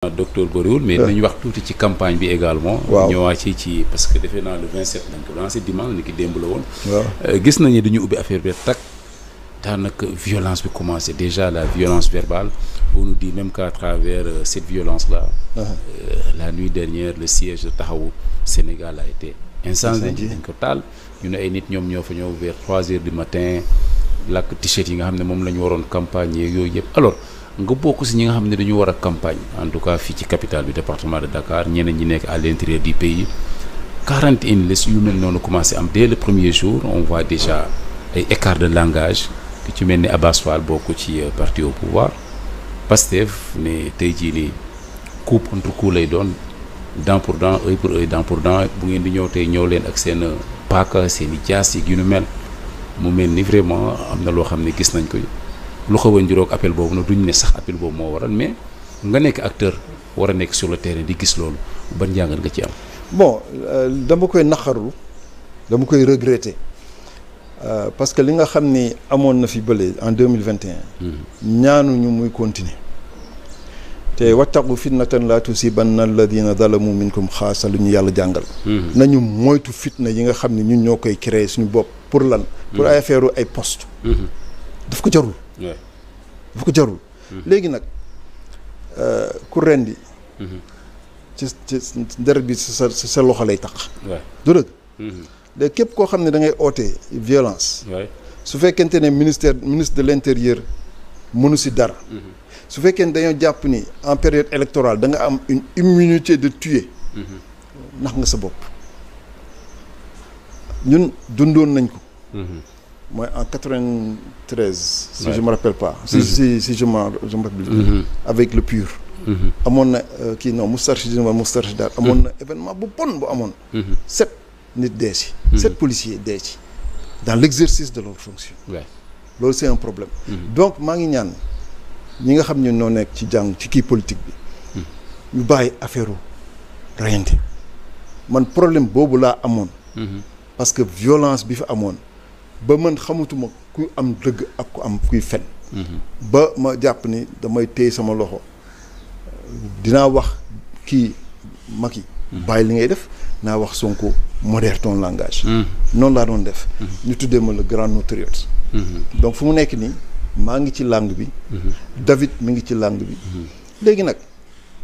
docteur bëriwul mais ah. nañu wax tuuti ci campagne bi également. waaw ñëwaat ci ci parce que defe naa le 27 lañ ko lancé dimanche ni ki démb la woon. waaw euh, gis nañu dañu ubbi affaire bi tak daanaka violence bi commencé déjà la violence verbale on nous dit même qu'à travers euh, cette violence là. Ah. Euh, la nuit dernière le siège de Taxawu Sénégal a été incendié dañ ko taal ñu ne ay nit ñoom ñoo fa ñëw vers 3 heures du matin làkk t-shirt yi nga xam ne moom la ñu waroon campagne yooyu yëpp alors. nga bokk si ñi nga xam ne dañu war a campagne en tout cas fii ci capitale bi département de Dakar ñeneen ñi nekk à l'intérieur du pays quarante et une listes yu mel noonu commencé am dès le premier jour on voit déjà ay écart de langage ki ci mel ni Abass Fall bokk ci euh, parti au pouvoir Pastef ne tey jii nii coup contre lay doon dent pour dent œil pour œil pour dent bu ngeen di ñëw tey ñëw leen ak seen euh, paaka seen i jaas yi yu nu mel mu mel ni vraiment am na loo xam ne gis nañ ko. lu xaw a appel boobu nag ñu ne sax appel boobu moo waral mais nga nekk acteur war a nekk su le terrain di gis loolu ban njàngat nga ci am. bon euh, dama koy naqarlu dama koy regretter euh, parce que li nga xam ni amoon na fi bële en deux mille vingt et un hmm. ñaanuñu muy continuer te wattaqu fitnatan laa tusibanna alladina zalamu minkum xaasa lu ñu yàlla jàngal. Hmm. nañu moytu fitna yi nga xam ne ñun ñoo koy créer suñu bopp pour lan. Hmm. pour ay affaire ay poste daf ko jarul. bu ko jarul. Mhm. léegi nag euh, ku rendi mhm. ci ci deret bi sa sa sa loxo lay tax. du dëgg. Mhm. képp koo xam ne da ngay oote violence. su fekkente ne ministère ministre de l'intérieur mënu si dara. su fekkee ne dañoo jàpp ni en période électorale da nga am une immunité de tuer. nax nga sa bopp. ñun dundoon nañ ko. mooy en 93. si ouais. je ma rappelle pas. si mm -hmm. si si je me je me rappelle. Mm -hmm. avec le pur. Mhm. amoon na euh, kii non Moustarchidine wala Moustarchidaat amoon mhm. na événement bu bon bu amoon. Mhm. sept nit dee ci. sept policiers dee ci. dans l' exercice de leur fonction. Ouais. loolu c' un problème. donc maa ngi ñaan ñi nga xam ne noo nekk ci jàng ci kii politique bi. ñu bàyyi affaire rayante man problème boobu laa amoon. parce que violence bi fi amoon. ba mën xamatuma ku am dëgg ak ku am kuy fen mhm. ba ma jàpp ni damay téye sama loxo dinaa wax kii mag yi mhm. bàyyi li ngay def naa wax Sonko modère ton langage mhm. noonu laa doon def ñu tuddee ma le grand patriote donc fu mu nekk nii maa ngi ci langue bi David mi ngi ci langue bi léegi nag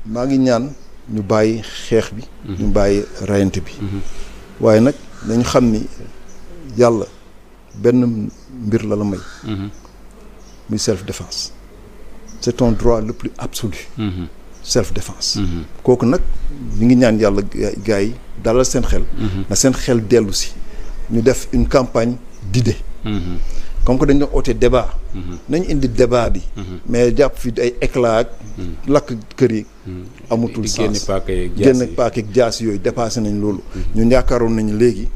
maa ngi ñaan ñu bàyyi xeex bi ñu bàyyi rayante bi waaye nag dañu xam ni yàlla benn mbir la la may mhm. muy self défense c'est ton droit le plus absolu mhm. self défense mhm. kooku nag ñu ngi ñaan yàlla gars yi dalal seen xel na seen xel dellusi ñu def une campagne d'idées comme que dañ doon oote débat nañ indi débat bi mais jàpp fi ay éclat lakk kër yi amatul sens génn paak ak jaas yooyu dépassé nañ loolu ñun yaakaaroon nañ léegi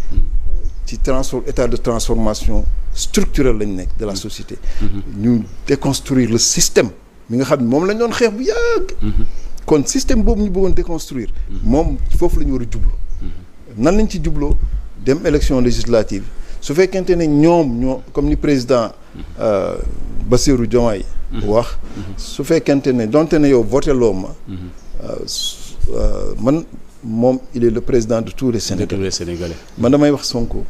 ci transfor état de transformation structurelle lañ nekk de la mm-hmm. société mm-hmm. ñu déconstruire le système mi nga xam ne moom lañ doon xeex bu yàgg mm-hmm. kon système boobu ñu bëggoon déconstruire moom foofu la ñu war a jublu nan lañ ci jubloo dem élection législative su fekkente ne ñoom ñoo comme ni président euh, Bassirou Diomaye wax su fekkente ne donte ne yow voté loo ma euh, euh, man moom il est le président de tous les Sénégalais man damay wax Sonko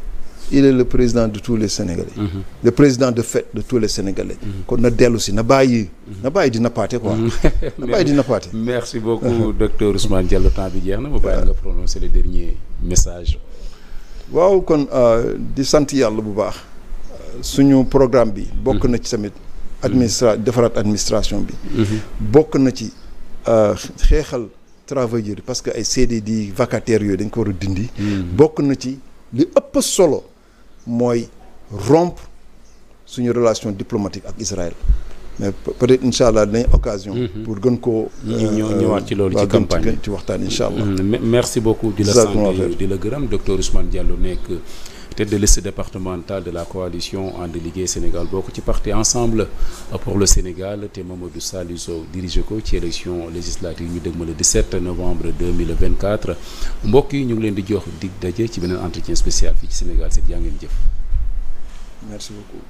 il est le président de tous les sénégalais. Mhm. le président de fait de tous les sénégalais. Mhm. kon na dellu na bàyyi. Mhm. na bàyyi di nappaate quoi. na bàyyi di nappaate. merci beaucoup docteur Ousmane Diallo temps bi jeex na ma bàyyi nga prononcer le dernier message. waaw kon euh, di sant yàlla bu baax. suñu programme bi. bokk na ci tamit administra defaraat administration bi. bokk na ci euh, xeexal travailleurs yi parce que ay di vacataires yooyu dañ ko war a dindi. bokk na ci li ëpp solo. mooy rompre suñu relation diplomatique ak Israël mais peut-être incha allah dinañ occasion. Mhm. pour gën koo. ñu euh, ñëwaat ci loolu ci campagne ci waxtaan incha allah. Mhm. merci beaucoup di la sant di la gërëm docteur Ousmane Diallo nekk. tête de liste de la coalition And Liggéey Sénégal bokk ci parti ensemble pour le Sénégal te Mamadou Saliou Sow dirigé ko ci élection législative ñu dëgmal le 17 novembre 2024 mbokk yi ñu ngi leen di jox dig daje ci beneen entretien spécial fii ci Sénégal 7 jaa ngeen jëf. merci beaucoup.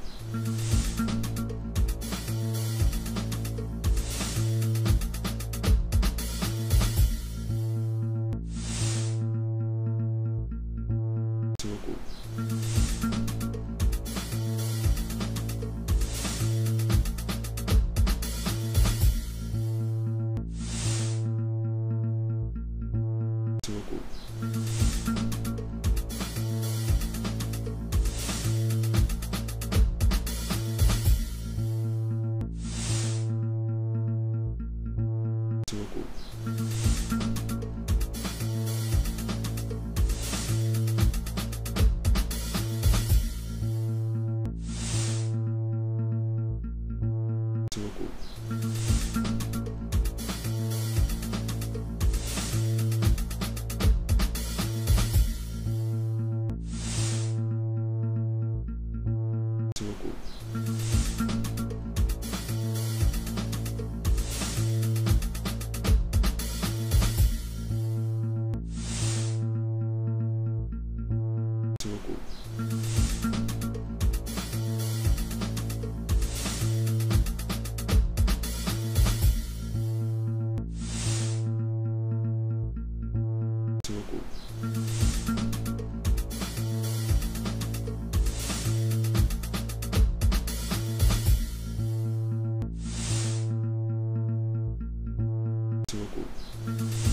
beaucoup.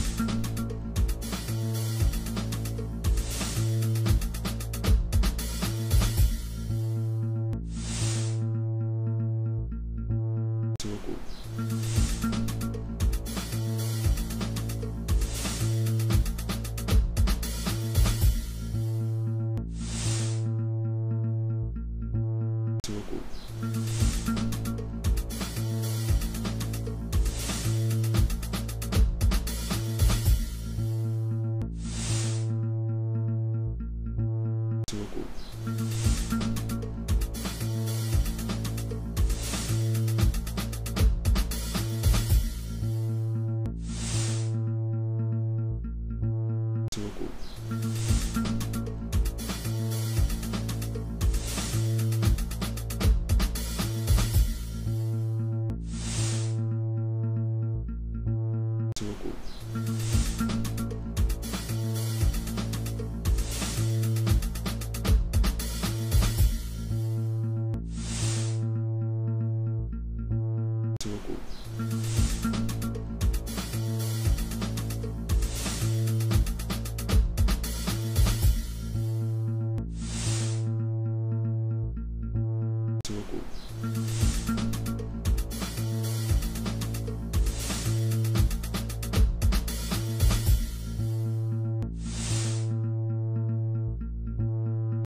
beaucoup. merci beaucoup.